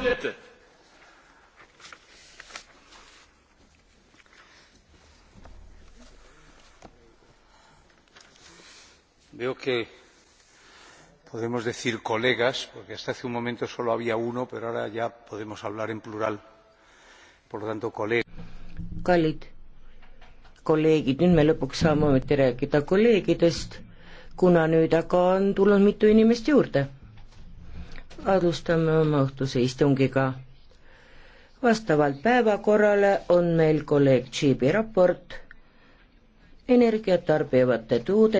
Bitte. Veo que podemos decir colegas, porque hasta hace un momento solo había uno, pero ahora ya podemos hablar en plural. Por lo tanto, colegas. Kallid kolleegid, nüüd me lõpuks saame ometi rääkida kolleegidest, kuna nüüd aga on tulnud mitu inimest juurde alustame oma õhtuse istungiga. vastavalt päevakorrale on meil kolleeg Tšiibi raport energiat tarbivate tuude